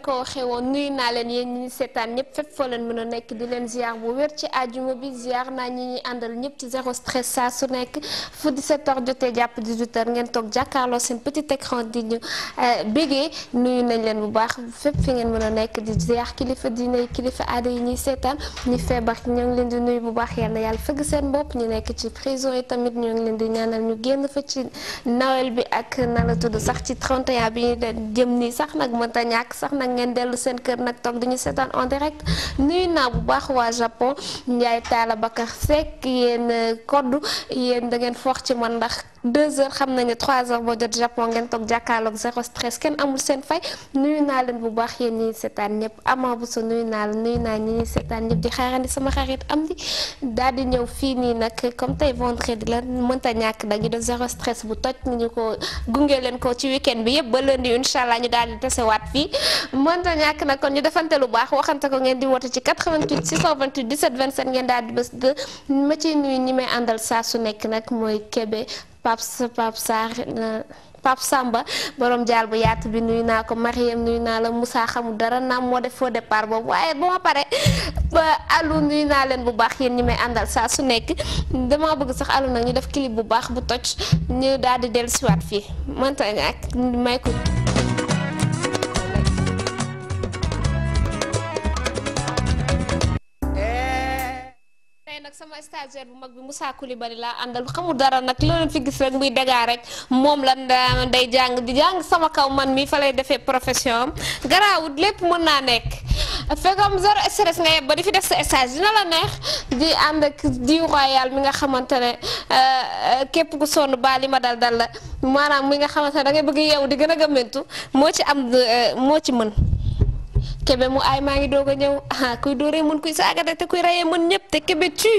leen ko waxee woon nuyu naa leen yéen ñi seetaan ñëpp fépp foo leen mën a nekk di leen ziar bu wér ci àjjuma bi ziar naa ñi ñuy àndal ñëpp ci zéro stress saa su nekk fu 17h jotee jàpp 18h ngeen toog jàkkaarloo seen petit écran di ñu euh, bégee nuyu nañ leen bu baax fépp fi ngeen mën a nekk di ziar kilifa diine kilifa yi ñuy seetaan ñi feebar ñoo ngi leen di nuyu bu baax yal na yàlla fëgg seen bopp ñu nekk ci prison yi tamit ñoo ngi leen di ñaanal ñu génn fa ci nawel bi ak na la tudd sax ci 31 bi ñu jëm nii sax nag mënta ñàkk sax nag nag ngeen dellu seen kër nag toog duñu seetaan en direct nuyu naa bu baax waa Japon Ndiaye Talla ka Seck yéen euh, koddu yéen da ngeen foox ci man ndax 2 heures xam nañu 3 heures boo jot Japon ngeen toog jàkkaarloog zéro stress kenn amul seen fay nuyu naa leen bu baax yéen ngi seetaan ñëpp amaa bu sa nuyu naa la nuyu naa ñi ñuy seetaan ñëpp di xaarandi sama xarit am di daal di ñëw fii nii nag comme tey vendredi la mënta ñàkk dañu def zéro stress bu toj ñu ko gunge leen ko ci week bi yëpp ba lundi incha allah mënta ñàkk nag kon ñu defante lu baax waxante ko ngeen di woote ci 88 628 17 27 ngeen daal di bés de ma ciy nuyu ñi may àndal saa su nekk nag mooy Kébé Pape Pape Sarr Pape Samba borom jaal bu yaatu bi nuyu naa Mariam nuyu naa la Moussa dara naam moo def faux départ boobu waaye ba ma pare ba alu nuyu naa leen bu baax yéen ñi may àndal su nekk dama bëgg sax alu nag ñu def clip bu baax bu toj ñu daal di may ko. sama stagiaire bu mag bi Moussa bari laa àndal xamul dara nag loolu fi gis rek muy dégaa rek moom lan day jàng di jàng sama kaw man mii fa lay defee profession am garaawut lépp mën naa nekk fekkoom zéro stress nga yeb ba di fi def sa stage dina la neex di ànd ak diw royal mi nga xamante ne euh, euh, képp ku sonn baa li ma dal dal la maanaam mi nga xamante ne da ngay bëgg yeewu di gën a gëmmentu moo ci am euh, moo ci mën kebe mu ay maa ngi doog a ñëw ah kuy dóoree mun kuy saaga te kuy rayee mun ñëpp te kebe tuy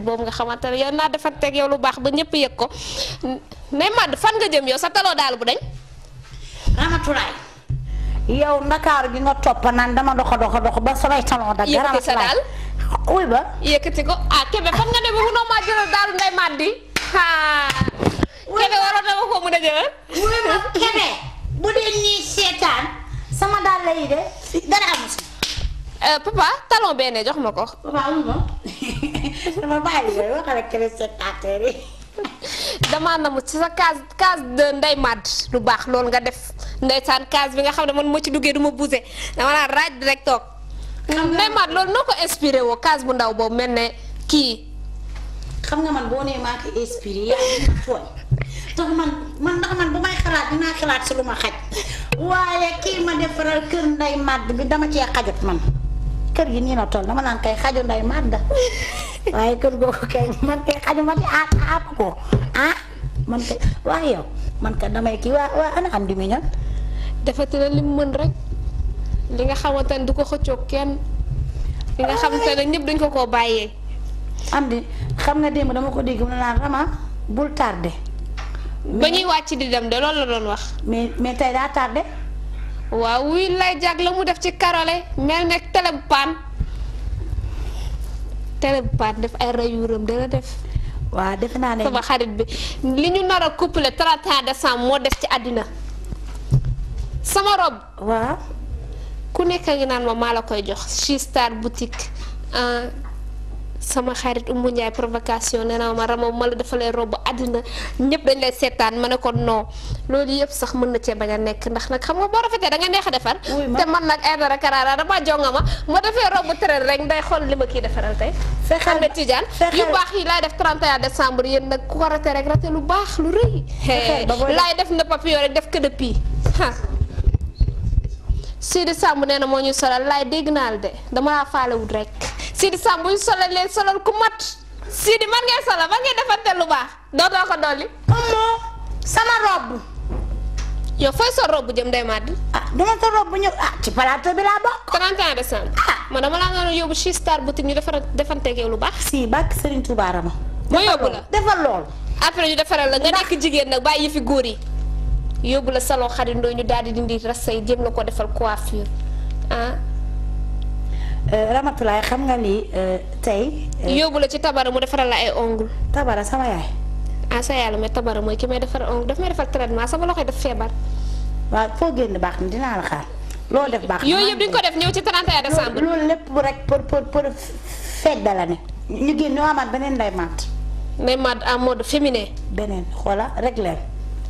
xarit boobu nga xamante ne yow naa defanteeg yow lu baax ba ñëpp yëg ko ne Mad fan nga jëm yow sa taloo daal bu dañ. Ramatulaay yow ndakaar gi nga topp naan dama dox dox dox ba samay talon da dara sa daal uy ba yëkkati ko ah Kébé jëlal daalu nday Madi Kébé waroon na ma ko mën a jëlal Kébé bu dee nii seetaan sama daal yi de dara amu Euh, papa talon benn jox ma ko. papa amul ma dama bàyyi la waxal na mu ci sa case case de ndey màdd lu baax lool nga def ndeysaan case bi nga xam ne man moo ci duggee du ma bousee dama naan raaj bi rek toog. ndey màdd loolu noo ko inspiré woo case bu ndaw boobu mel ne kii. xam nga man boo nee maa ko inspiré yaa ngi tooñ tax man man ndax man bu may xalaat dinaa xalaat si lu ma xaj waaye kii ma defaral kër ndey màdd bi dama cee xajut man. kër gi nii na toll dama naan kay xaju nday màdd waaye kër googu kay man kay xaju ma di aat ah, aat ah, ko ah man kay waaye yow man kay damay kii waa waa ana am di mi ñan defati na li mu mën rek li nga xamante ne du ko xëccoog kenn li nga xamante ne ñëpp dañ ko koo bàyyee am di xam nga démb dama ko dégg mu naan rama bul tardé ba ñuy wàcc di dem de loolu la doon wax mais mais tey daa tardé waaw wii lay jag la mu def ci karole mel nekk télé bu paan télé bu paan def ay rayuuram dana def waaw defe naa ne sama xarit bi li ñu nar a couplé de décembre moo def ci àddina sama rob waaw ku nekk a ngi naan ma maa la koy jox She Star boutique euh, sama xarit Oumou Ndiaye provocation nee ah, naa ma Rama ma la dafa lay robb àddina ñëpp dañ lay seetaan ma ne ko non loolu yëpp sax mën na cee bañ a nekk ndax nag xam nga boo rafetee da nga neex a defar. te man nag ay dara karaara damaa jonga ma ma defee robb tëral nday xool li ma kii defaral tey. fexeel xam ne Tidiane yu baax yi laay def 31 décembre yéen nag ku ko rate rek rate lu baax lu rëy. laay def na papillon rek def que depuis ah. Sidi Samb nee na moo ñu solal laay dégg naa de dama laa faalewut rek. Sidi Samb bu ñu solal leen solal ku mat Sidi man ngay solal man ngay defante lu baax dootoo ko dolli. Omo sama robe. yow fooy sol robe jëm day màdd. ah dama sol robe ñëw ah ci plateau bi laa bokk. 31 décembre. Ah. dama laa nga yóbbu She Star boutique ñu defar lu baax. si bàkk Serigne Touba Rama. ma yóbbu la defal lool. après ñu defaral la nga nekk jigéen nag bàyyi yëfi góor yi. yóbbu la salon xarindoo ñu daal di dindi rasay jëm la ko defal coiffure ah. Euh, Ramatulaay xam nga lii euh, tey. Euh, yóbbu la ci tabara mu defaral la ay ongle. tabara sama yaay. ah sa yàlla mais tabara mooy ki may defar ongle daf may defar traitement sama loxo daf feebar. waaw foo génn baax na dinaa la xaar. loo def baax yooyu yëpp duñ ko def ñëw ci 31 décembre. loolu lépp rek pour pour pour fête de l'année ñu génn ñoo amaat beneen nday maat. nday maat en mode féminin. beneen xoola rek leen.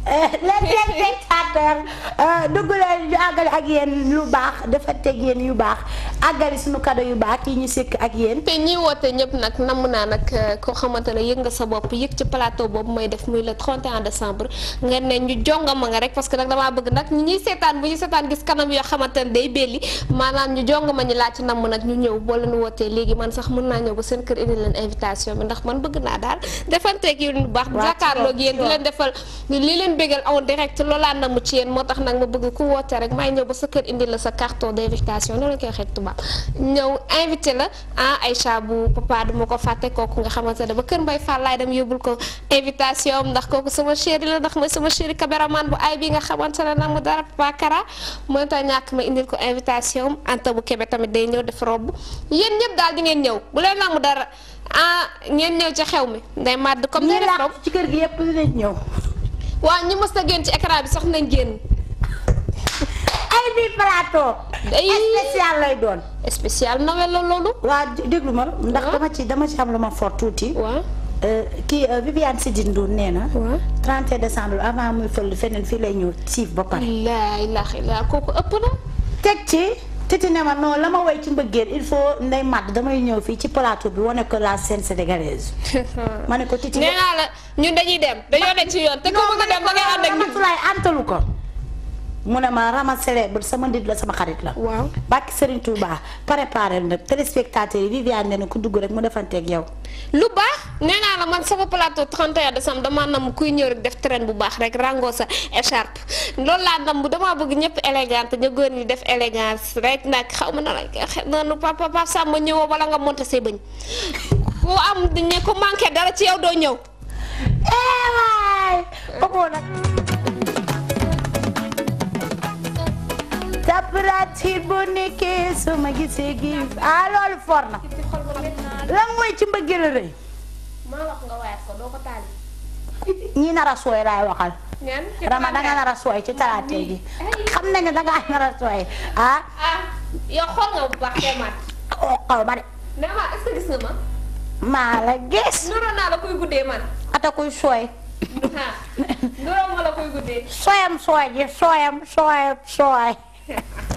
Eh, les téléspectateurs eh, dugg leen ñu àggali ak yéen lu baax dafa teg yéen yu baax àggali suñu kado yu baax yi ñu sekk ak yéen te ñiy woote ñëpp nag namm naa nag eh, koo xamante ne yëg nga sa bopp yëg ci plateau boobu mooy def muy le 31 décembre nga ne ñu jongama nga rek parce que nag damaa bëgg nag ñi ñuy seetaan bu ñu seetaan gis kanam yoo xamante ne day belli maanaam ñu jongama ñu laaj ci namm nag ñu ñëw boo leen wootee léegi man sax mën naa ñëw ba seen kër indi leen invitation bi ndax man bëgg naa daal defanteeg yéen bu baax jàkkaarloog yéen di leen defal li leen bégal en direct loolaan na mu ci yéen moo tax nag ma bëgg ku woote rek may ñëw ba sa kër indi la sa carton d'invitation noonu la koy waxee tubaab ñëw invité la ah Aïcha bu papa du ma ko fàtte kooku nga xamante ne ba kër Mbay Fall laay dem yóbbul ko invitation ndax kooku sama chéri la ndax mooy sama chéri caméraman bu ay bi nga xamante ne nag mu dara papa moo mënta ñàkk ma indil ko invitation am Anta bu Kébé tamit day ñëw def robb yéen ñëpp daal di ngeen ñëw bu leen nag mu dara ah ngeen ñëw ci xew mi day màdd comme day def ci kër gi yëpp dinañ ñëw waa ñi mës a génn ci écran bi sax nañ génn. ay bi plateau. ay spécial lay doon. spécial Noël la loolu. waa déglu ma ndax dama ci dama ci am lu ma fort tuuti. waaw euh, kii euh, Viviane Sidine Ndour nee na. waaw 31 décembre avant muy fël feneen fii lay ñëw siif ba pare. la ilaha illa ëpp na. teg ci. titi ne ma non la ma woy ci mbëggeel il faut nday màdd damay ñëw fii ci plateau bi wane ko la scène sénégalaise. ma ne ko titi nee naa la ñun dañuy dem dañoo nekk ci yoon. te ku bëgg dem da ngay ànd ak ko man Mantoulaye àntalu ko. mune ma Rama célèbre sama ndit la sama xarit la. waaw bàkki Serigne Touba préparé na téléspectateur yi Viviane nee na ku dugg rek mu ak yow. lu baax nee la man sama plateau 31 décembre dama nam kuy ñëw rek def train bu baax rek rango sa écharpe lool la nam bu dama bëgg ñëpp élégante ñu gën ni def élégance rek nak xawma na la noonu papa papa Samba ñëwoo wala nga monté sey bëñ ku am ñe ko manké dara ci yow doo ñëw. eh nak ci bu nekkee su gisee gi ah loolu for na lan mooy ci mbëggeel a rëy maa wax nga waayat a sooy laay waxal rama danga nar sooy ci talaate gi xam nañu danga nar a sooy ah, ah oh, maa la gis noroon kuy sooy noroon ma la kuy guddee sooyam sooyam sooyam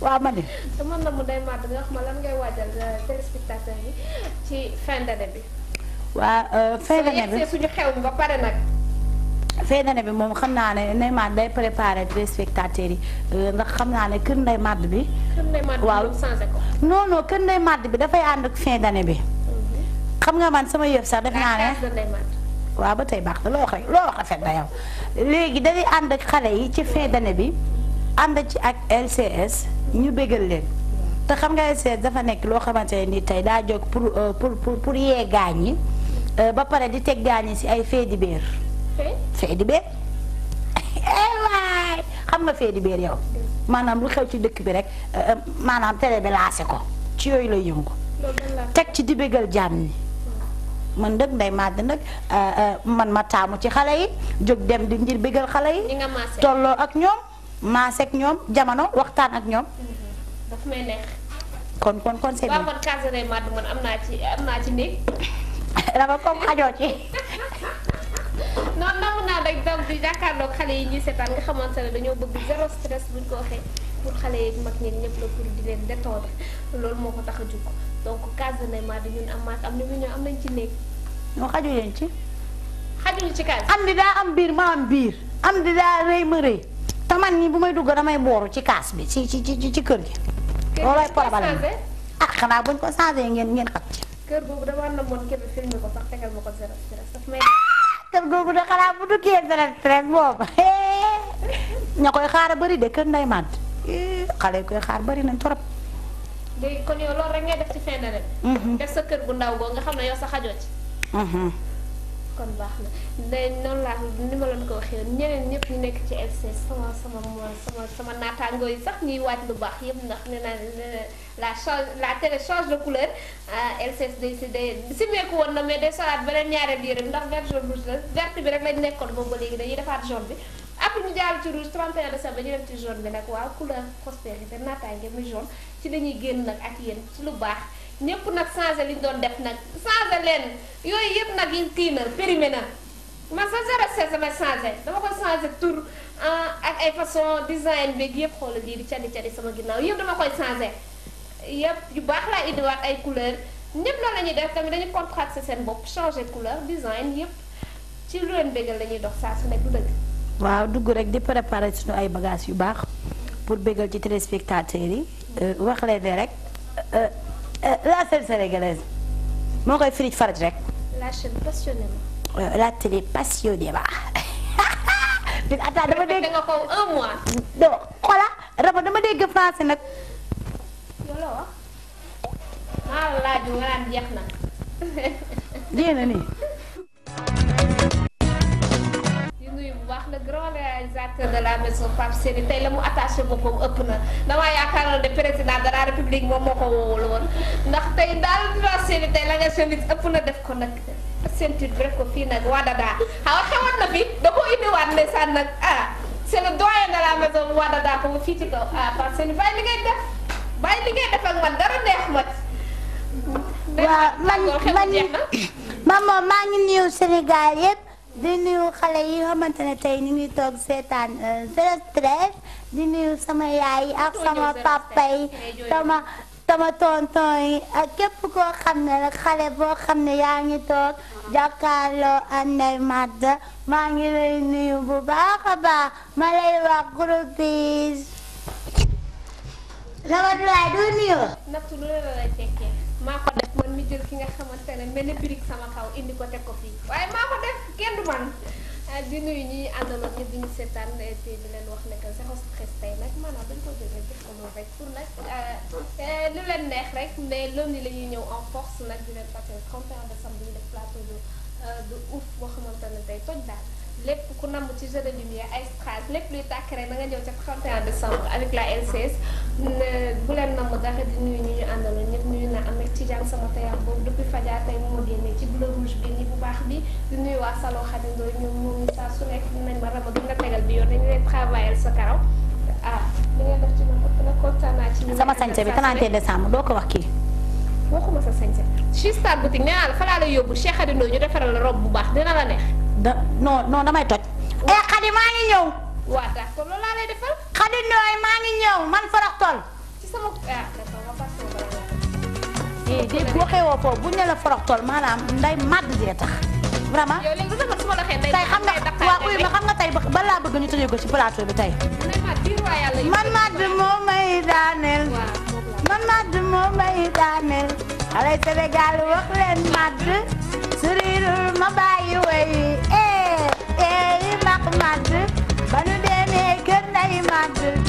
waaw ma ne. man na mu day màgg lan ngay waajal euh, téléspectateur yi ci fin d'année bi. waa euh, fin d'année bi suñu xew ba pare nag. fin d'année bi moom xam naa ne Ndeye Made day préparé téléspectateurs yi euh, ndax xam naa ne kër Ndeye màdd bi. kër Ndeye Made waaw changé ko. non non kër Ndeye Made bi dafay ànd ak fin d'année bi. Mhm. xam nga man sama yëf sax def naa ne. waaw ba tey baax na loo wax rek loo wax rafet na yow léegi dañuy ànd ak xale yi ci fin d'année bi. ànd ci ak LCS ñu bégal leen te xam nga LCS dafa nekk loo xamante ne ni tey daa jóg pour euh, pour pour yee gaañ yi euh, ba pare di teg gaañ yi si ay fee di beer. fee di beer waay xam nga fee di beer yow maanaam lu xew ci dëkk bi rek euh, maanaam télé bi laase ko ci yooyu lay yëngu. teg ci di bégal jaam yi man dëgg nday màdd nag man ma taamu ci xale yi jóg dem di ngir bégal xale yi. tolloo ak ñoom. maase ak ñoom jamono waxtaan ak ñoom. dafa may neex. kon kon kon c'est bien waaw kon Casare am naa ci am naa ci néeg. dama comme xajoo ci. noonu namu naa rek naa di jàkkaarloog xale yi ñuy seetaan xamante ne dañoo bëgg zéro stress buñ ko waxee pour xale yeeg mag ñeeg ñëpp la pour loolu moo ko tax a jug donc Casare Madu ñun am maat am na ñoo am nañ ci néeg. ñoo xaju leen ci. xajuñu ci kaas. am di daa am biir ma am biir am di daa rëy ma rëy. te man ñi bu may dugg damay booru ci kaas bi ci ci ci ci kër gi. loolooy problème ah xanaa buñ ko changé ngeen ngeen xam ci. kër googu damaa namoon kenn filmé ko sax tegal ko zéro stress daf may. kër googu de xanaa bu duggee zéro stress boobu ña koy xaar bari de kër nday màdd eh, xale yi koy xaar bari nañ trop. léegi kon yow ngay def ci fin d'année. Mm-hmm. sa kër gu ndaw googu nga xam ne yow sa xajoo ci. Mm-hmm. kon baax na de noonu laa ni ma loon ko waxee ñeneen ñëpp ñu nekk ci FC sama sama sama sama naataangoo yi sax ñuy waaj lu baax yëpp ndax nee naa la change la télé change de couleur ah, LCS day si day simeeku woon na mais day solaat beneen ñaareel yére ndax vert jaune rouge la bi rek lañ nekkoon boobu ba léegi dañuy defaat jaune bi après ñu jaar ci rouge 31 décembre ñu dem ci jaune bi nag waaw couleur prospérité naataange mi jaune ci dañuy génn nag ak yéen ci lu baax ñëpp nag changé li ñu doon def nag changé leen yooyu yëpp nag yi tiina périmé na ma sa zéro seize damay changé dama ko changé tur ah, ak ay façon design beeg yëpp xoolal lii di cadi sama ginnaaw yëpp dama koy changé yëpp yu baax laa indiwaat ay couleur ñëpp loolu la ñuy def tamit dañu contracté seen bopp changé couleur design yëpp ci lu leen la ñuy dox saa su nekk du dëgg waaw dugg rek di préparer suñu ay bagages yu baax pour bégal ci téléspectateurs yi euh, wax leen rek euh, Euh, la scène sénégalaise moo koy firij faraj rek. la chaîne passionnément. Euh, la télé passionnément. bi atta dama dégg nga ko un mois. donc voilà raba dama dégg français nag. loolu wax. maa la laaj mu nga naan jeex wax le grand réalisateur de la maison Pape Séni tey la mu attaché boppam ëpp na damaa yaakaaroon ne président de la république moom moo ko woowul woon ndax tey daal Pape Séni tey la nga semence ëpp na def ko nag ceinture bi def ko fii nag Wadada xaw xewoon na fi da ko indiwaat ne saan nag ah c'est le doyen de la maison Wadada ko fii ci kaw ah Pape Séni bàyyi li ngay def bàyyi li ngay def ak man dara neex ma. waaw man man maa ngi nuyu Sénégal yëpp. di nuyu xale yi xamante ne tey ñu ngi toog seetaan euh, zero di nuyu sama yaay ak sama papa yi sama sama tonton yi ak képp koo xam ne xale boo xam ne yaa ngi toog jàkkaarloo Ndeye Madda maa ngi lay nuyu bu baax a baax ma lay wax groupe bi. Ramatulaay nuyu. jël ki nga xamante ne mel ni birig sama kaw indi ko teg ko fii waaye maa ko def kenn du man euh, di nuyu ñuy àndaloon ñi duñu seetaan euh, te di leen wax ne que Zéro Stress tey nag maanaam dañ ko jël rek def ko moom rek pour nag euh, lu leen neex rek mais lundi la ñuy ñëw en force nag di leen fàttali 31 décembre ñu def plateau du du boo xamante ne tey toj daal lépp ku namm ci jeu de lumière ay strass lépp luy tàkk rek na nga ñëw ca 31 décembre avec la LCS bu leen namm dara di nuyu ñu ñu àndaloon ñëpp na Ameth Tidiane sama tailleur boobu depuis Fajar ci bu bi di nuyu waa salon Khady Ndoye ñoom moom saa su nekk nañ ma rama du nga tegal bi yoon dañu leen travailler sa karaw ah li ngeen def ci man ëpp na naa ci ñu sama sañse bi 31 décembre doo ko wax kii waxuma sa sañse ci Star Boutique nee naa la fa laa lay yóbbu Cheikh Khady ñu defaral la robe bu baax dina la neex da non non damay toj. eh xadi maa ngi ñëw. man farax ah, eh, boo xewoo foofu bu ñu la farax tool nday màgg jee tax. vraiment yow xam nga waaw uy ma xam nga tey ba laa bëgg ñu tëjee ko ci plateau bi tey. man maat bi moo daaneel. man maat bi moo daaneel. xale Sénégal wax leen maat. suriirul ma bàyyi way madı, banu dene kırnayı madı.